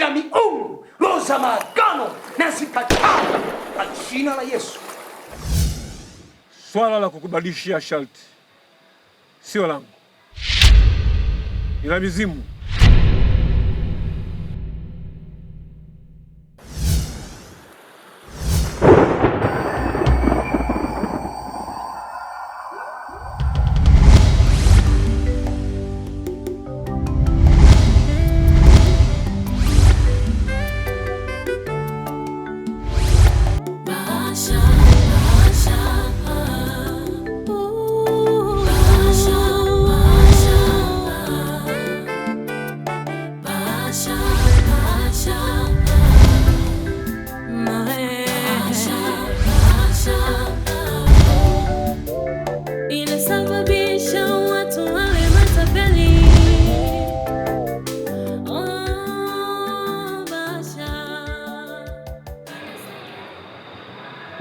kila miungu, roho za maagano nazikataa kwa jina la Yesu. Swala la kukubadilishia sharti sio langu, ila mizimu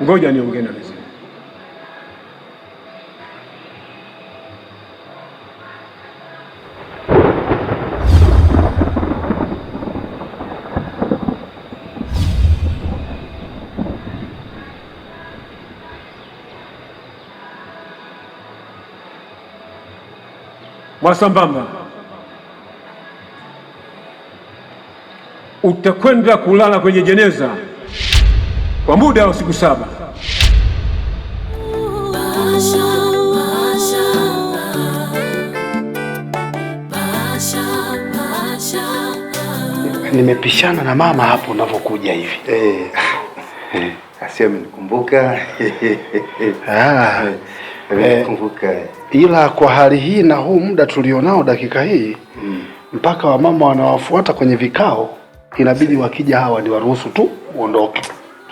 Ngoja niongee na mizimu. Mwasambamba, utakwenda kulala kwenye jeneza kwa muda wa siku saba. Nimepishana na mama hapo unavyokuja hivi eh. eh. asiye Amenikumbuka ah, eh, eh, ila kwa hali hii na huu muda tulionao dakika hii hmm. mpaka wamama wanawafuata kwenye vikao, inabidi wakija hawa ni waruhusu tu uondoke.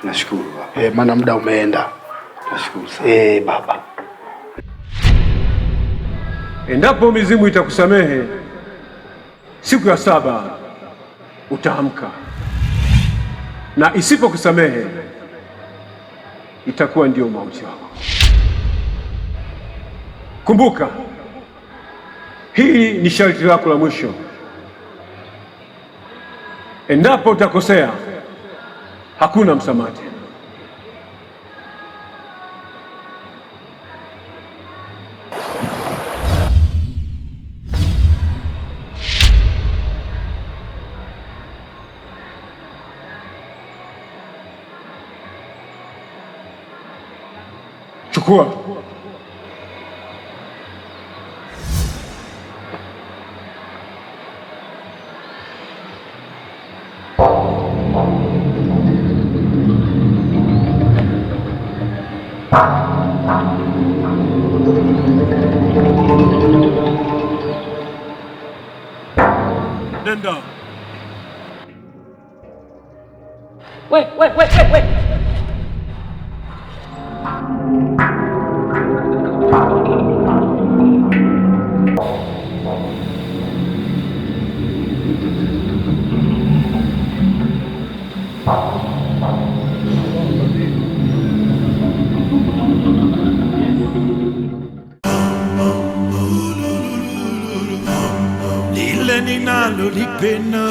Tunashukuru baba. Eh, maana muda umeenda. Tunashukuru sana. Eh, baba. Endapo mizimu itakusamehe siku ya saba utaamka, na isipokusamehe itakuwa ndio mauti yako. Kumbuka, hii ni sharti lako la mwisho. Endapo utakosea hakuna msamaha tena. Chukua Lile ninalolipenda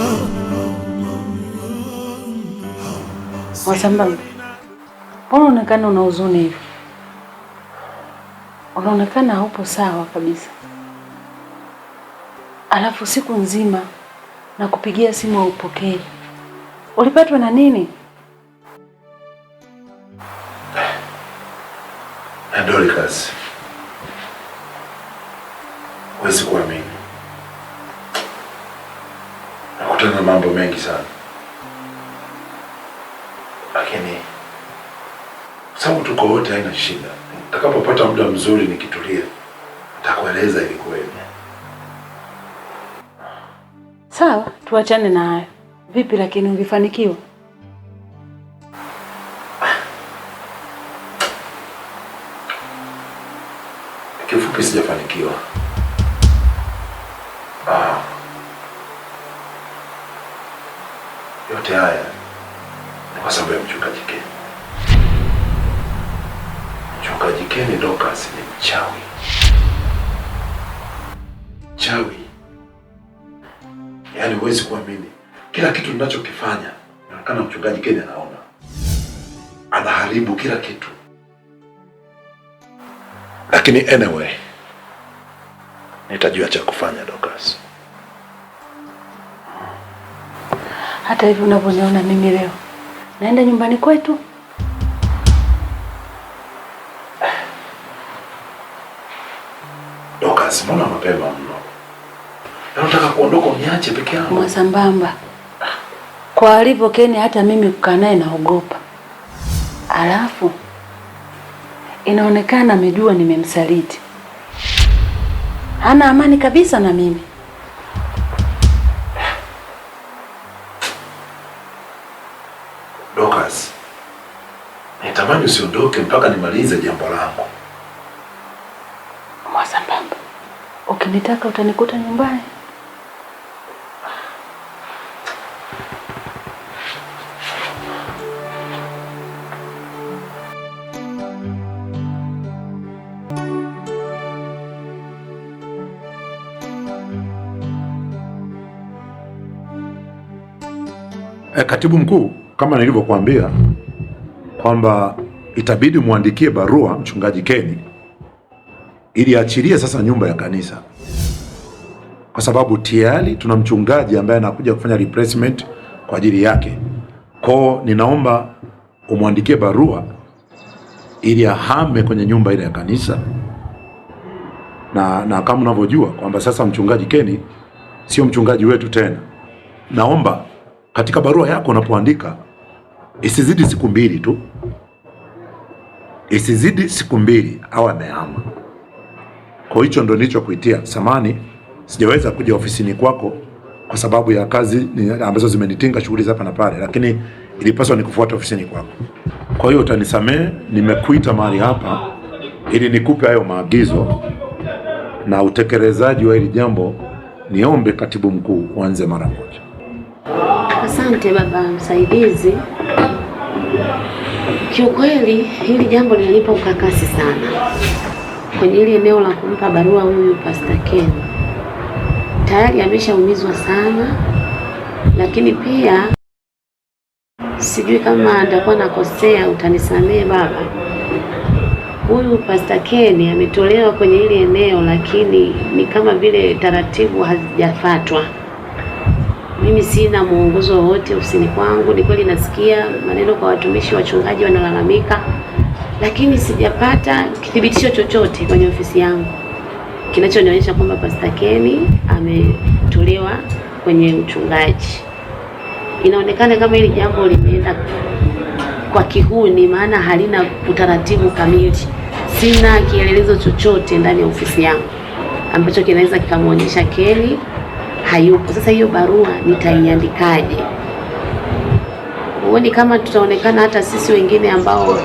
Wasambamba, mbona unaonekana una huzuni hivi? unaonekana haupo sawa kabisa, alafu siku nzima na kupigia simu haupokei. Ulipatwa na nini? Na Dorcas, huwezi kuamini, nakutana mambo mengi sana, lakini sababu tuko wote haina shida Nitakapopata muda mzuri nikitulia, ili ilikuwaje. Sawa, tuachane na hayo. Vipi lakini ulifanikiwa? Kifupi, sijafanikiwa. Ah. Yote haya ni kwa sababu ya mchungaji Keni. Mwajikeni Dorcas ni mchawi. Mchawi. Yaani huwezi kuamini. Kila kitu ninachokifanya inaonekana mchungaji Kenya anaona. Anaharibu kila kitu. Lakini anyway nitajua cha kufanya Dorcas. Hata hivyo unavyoniona mimi leo naenda nyumbani kwetu mapema mno. Na kuondoka uniache peke yangu? Mwasambamba. Kwa alivyo Keni hata mimi kukaa naye naogopa. Alafu inaonekana amejua nimemsaliti. Hana amani kabisa na mimi. Dokas. Natamani usiondoke mpaka nimalize jambo langu. Ukinitaka utanikuta nyumbani. E, katibu mkuu, kama nilivyokuambia kwamba itabidi muandikie barua mchungaji Keni ili achirie sasa nyumba ya kanisa kwa sababu tayari tuna mchungaji ambaye anakuja kufanya replacement kwa ajili yake. hiyo ninaomba umwandikie barua ili ahame kwenye nyumba ile ya kanisa, na, na kama unavyojua kwamba sasa mchungaji Keni sio mchungaji wetu tena. Naomba katika barua yako unapoandika isizidi siku mbili tu, isizidi siku mbili au amehama. Kwa hicho ndo nilichokuitia samani sijaweza kuja ofisini kwako kwa sababu ya kazi ambazo zimenitinga shughuli za hapa na pale, lakini ilipaswa nikufuata ofisini kwako. Kwa hiyo utanisamehe, nimekuita mahali hapa ili nikupe hayo maagizo na utekelezaji wa hili jambo, niombe katibu mkuu uanze mara moja. Asante baba msaidizi, kiukweli hili jambo linanipa ukakasi sana kwenye hili eneo la kumpa barua huyu Pastor Ken tayari ameshaumizwa sana, lakini pia sijui kama nitakuwa nakosea, utanisamehe baba. Huyu Pastor Ken ametolewa kwenye ile eneo, lakini ni kama vile taratibu hazijafatwa. Mimi sina mwongozo wowote ofisini kwangu. Ni kweli nasikia maneno kwa watumishi, wachungaji wanalalamika, lakini sijapata kithibitisho chochote kwenye ofisi yangu kinachonionyesha kwamba Pastor Kenny ametolewa kwenye uchungaji. Inaonekana kama hili jambo limeenda kwa kihuni, maana halina utaratibu kamili. Sina kielelezo chochote ndani ya ofisi yangu ambacho kinaweza kikamwonyesha Kenny hayupo. Sasa hiyo barua nitaiandikaje? Huoni kama tutaonekana hata sisi wengine ambao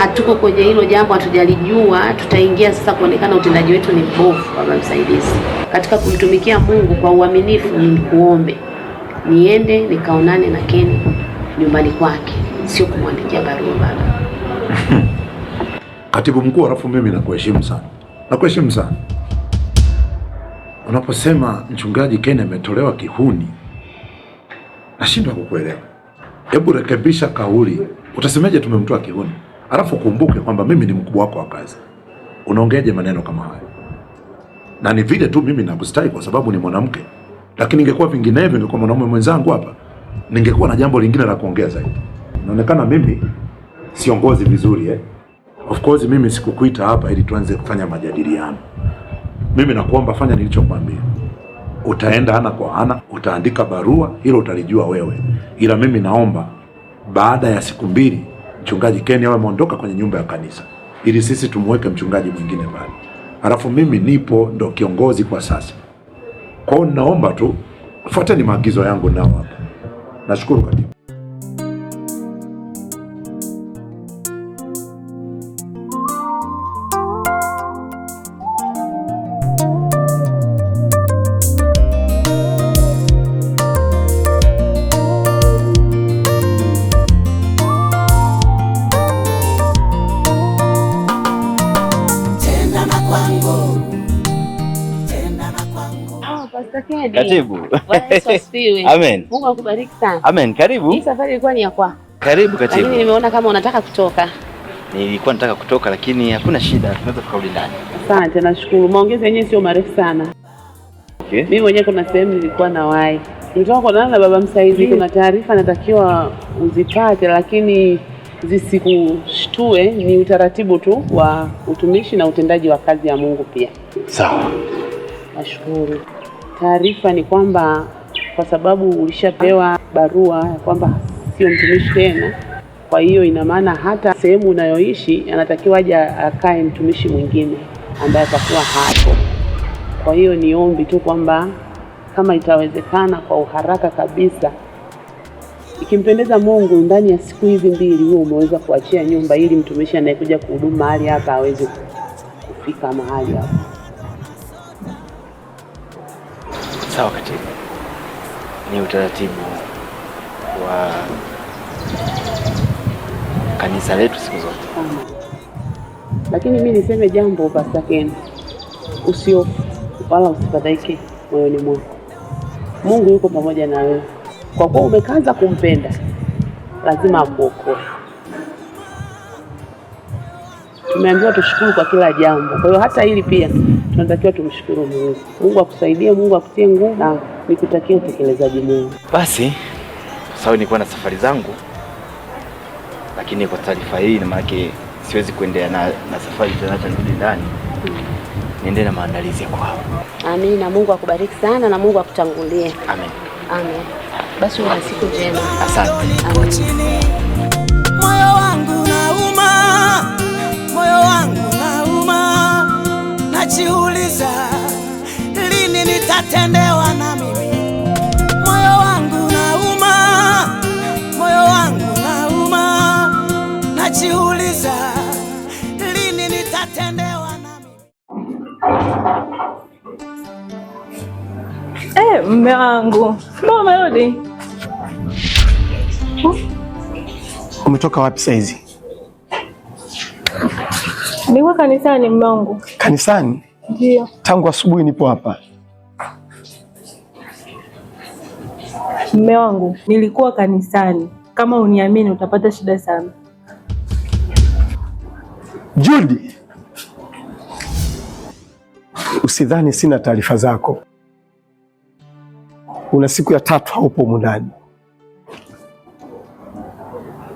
hatuko kwenye hilo jambo, hatujalijua, tutaingia sasa kuonekana utendaji wetu ni mbovu. Baba msaidizi, katika kumtumikia Mungu kwa uaminifu, kuombe niende nikaonane na Keni nyumbani kwake, sio kumwandikia barua. Baba katibu mkuu, alafu mimi nakuheshimu sana, nakuheshimu sana. Unaposema mchungaji Keni ametolewa kihuni, nashindwa kukuelewa. Hebu rekebisha kauli, utasemeje tumemtoa kihuni? Alafu kumbuke kwamba mimi ni mkubwa wako wa kazi. Unaongeaje maneno kama hayo? Na ni vile tu mimi nakustahi kwa sababu ni mwanamke, lakini ingekuwa vinginevyo, ingekuwa mwanaume mwenzangu hapa, ningekuwa na jambo lingine la kuongea zaidi. Inaonekana mimi siongozi vizuri eh? Of course mimi sikukuita hapa ili tuanze kufanya majadiliano. Mimi nakuomba fanya nilichokwambia. Utaenda ana kwa ana, utaandika barua, hilo utalijua wewe, ila mimi naomba baada ya siku mbili mchungaji Ken awe ameondoka kwenye nyumba ya kanisa ili sisi tumweke mchungaji mwingine pale, alafu mimi nipo ndo kiongozi kwa sasa. Kwa hiyo naomba tu fuateni maagizo yangu nao hapa. Nashukuru katibu. Katibu. Amen. Mungu akubariki sana. Amen. Karibu. Hii safari ilikuwa ni ya kwako. Karibu katibu. Lakini nimeona kama unataka kutoka. Nilikuwa nataka kutoka lakini hakuna shida, tunaweza tukarudi ndani. Asante, nashukuru. Maongezi yenyewe sio marefu sana. Okay. Mimi mwenyewe kuna sehemu nilikuwa na wai nilitoka kuonana na baba msaidizi. Mm. Kuna taarifa natakiwa uzipate, lakini zisikushtue. Eh, ni utaratibu tu wa utumishi na utendaji wa kazi ya Mungu pia. Sawa, nashukuru taarifa ni kwamba kwa sababu ulishapewa barua ya kwamba sio mtumishi tena, kwa hiyo ina maana hata sehemu unayoishi anatakiwa aje akae mtumishi mwingine ambaye atakuwa hapo. Kwa hiyo ni ombi tu kwamba kama itawezekana kwa uharaka kabisa, ikimpendeza Mungu, ndani ya siku hizi mbili huo umeweza kuachia nyumba ili mtumishi anayekuja kuhudumu mahali hapa aweze kufika mahali hapo. Sawa katibu, ni utaratibu wa kanisa letu siku zote. Lakini mi niseme jambo, Pasta Ken, usiofu wala usifadhaike moyoni mwako. Mungu yuko pamoja na wewe. Kwa kuwa umekaza kumpenda, lazima akuokoe. Tumeambiwa tushukuru kwa kila jambo, kwa hiyo hata hili pia tunatakiwa tumshukuru Mungu. Mungu akusaidie, Mungu akutie nguvu na nikutakie utekelezaji mwema. Basi sawa, nilikuwa na safari zangu, lakini kwa taarifa hii, maana siwezi kuendelea na, na safari tunacha nirudi ndani niende na maandalizi ya kwao. Amina, Mungu akubariki sana na Mungu akutangulie. Amen. Amen. Basi una siku njema. Asante. Moyo wangu nauma, moyo wangu najiuliza lini nitatendewa na mimi. Moyo wangu nauma, moyo wangu nauma, najiuliza lini nitatendewa na mimi. Eh, mume wangu mbona umerudi? Umetoka wapi saizi? Nilikuwa kanisani mume wangu. Kanisani? Ndio. Tangu asubuhi nipo hapa. Mume wangu, nilikuwa kanisani. Kama uniamini utapata shida sana. Judy, usidhani sina taarifa zako. Una siku ya tatu haupo mundani.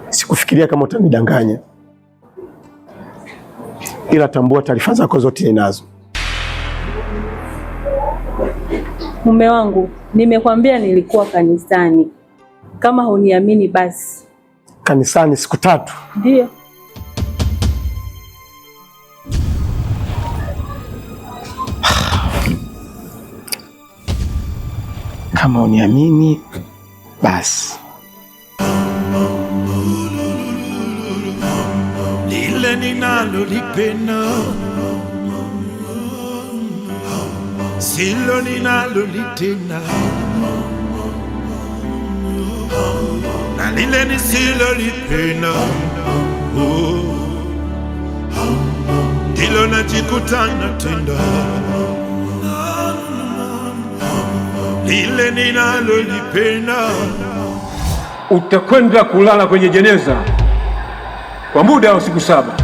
Sikufikiria kama utanidanganya ila tambua taarifa zako zote ninazo. Mume wangu, nimekwambia nilikuwa kanisani. Kama huniamini basi. Kanisani siku tatu? Ndio. Kama huniamini basi. ninalolipenda silo ninalolitenda na lile nisilolipenda ndilo najikutana tenda lile ninalolipenda. Utakwenda kulala kwenye jeneza kwa muda wa siku saba.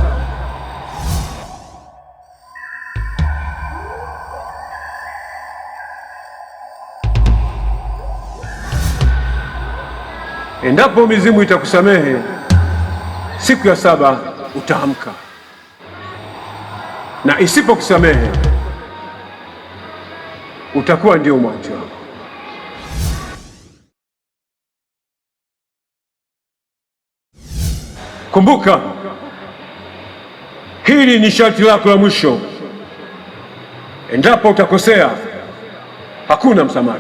Endapo mizimu itakusamehe siku ya saba utaamka, na isipokusamehe utakuwa ndio mwanzo wako. Kumbuka, hili ni sharti lako la mwisho. Endapo utakosea, hakuna msamaha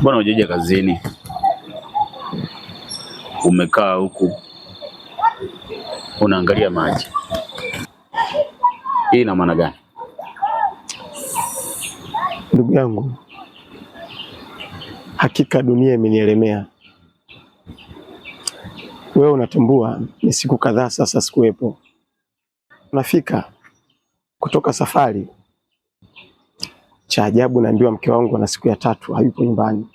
Mbona hujaja kazini? Umekaa huku unaangalia maji, hii ina maana gani? Ndugu yangu, hakika dunia imenielemea. Wewe unatambua, ni siku kadhaa sasa sikuwepo. Unafika kutoka safari cha ajabu naambiwa mke wangu ana siku ya tatu hayupo nyumbani.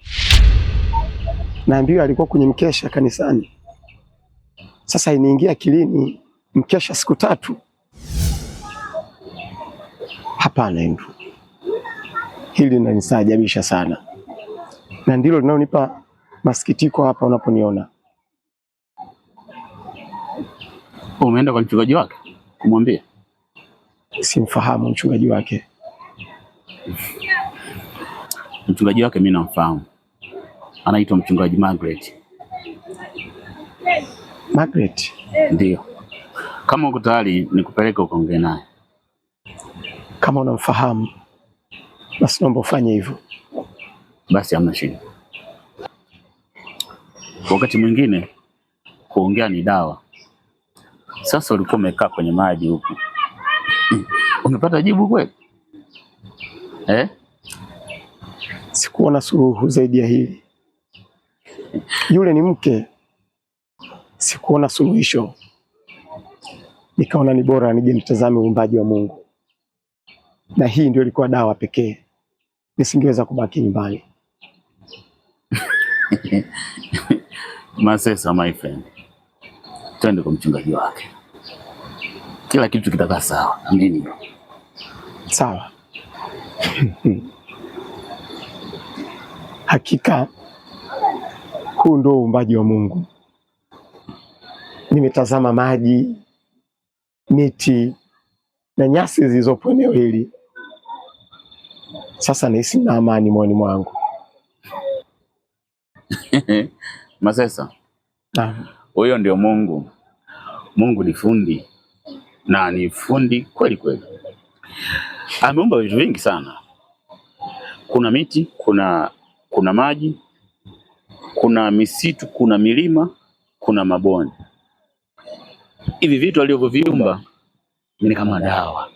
Naambiwa alikuwa kwenye mkesha kanisani. Sasa iniingia akilini mkesha siku tatu? Hapana Andrew, hili linanisajabisha sana na ndilo linalonipa masikitiko hapa unaponiona. Umeenda kwa mchungaji wake kumwambia? Simfahamu mchungaji wake Mchungaji wake mimi namfahamu, anaitwa mchungaji Margaret. Margaret, ndio. Kama uko tayari nikupeleke ukaongee naye. Kama unamfahamu basi naomba ufanye hivyo. Basi hamna shida. Wakati mwingine kuongea ni dawa. Sasa ulikuwa umekaa kwenye maji huku, umepata jibu kweli? eh? Sikuwa na suluhu zaidi ya hili. Yule ni mke, sikuona suluhisho, nikaona ni bora nije nitazame uumbaji wa Mungu, na hii ndio ilikuwa dawa pekee. Nisingeweza kubaki nyumbani. Masesa, my friend, twende kwa mchungaji wake, kila kitu kitakaa sawa. Amini. Sawa. Hakika huu ndio uumbaji wa Mungu. Nimetazama maji, miti na nyasi zilizopo eneo hili, sasa nahisi na amani moyoni mwangu. Masesa, huyo ndio Mungu. Mungu ni fundi na ni fundi kweli kweli ameumba ah, vitu vingi sana. Kuna miti, kuna kuna maji, kuna misitu, kuna milima, kuna mabonde. Hivi vitu alivyoviumba ni kama dawa.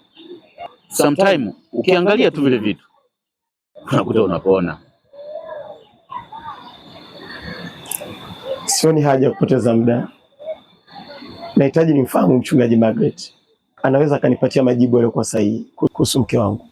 Sometime ukiangalia tu vile vitu unakuta unapona. Sioni haja ya kupoteza muda, nahitaji nimfahamu mchungaji Margaret anaweza akanipatia majibu yaliyokuwa sahihi kuhusu mke wangu.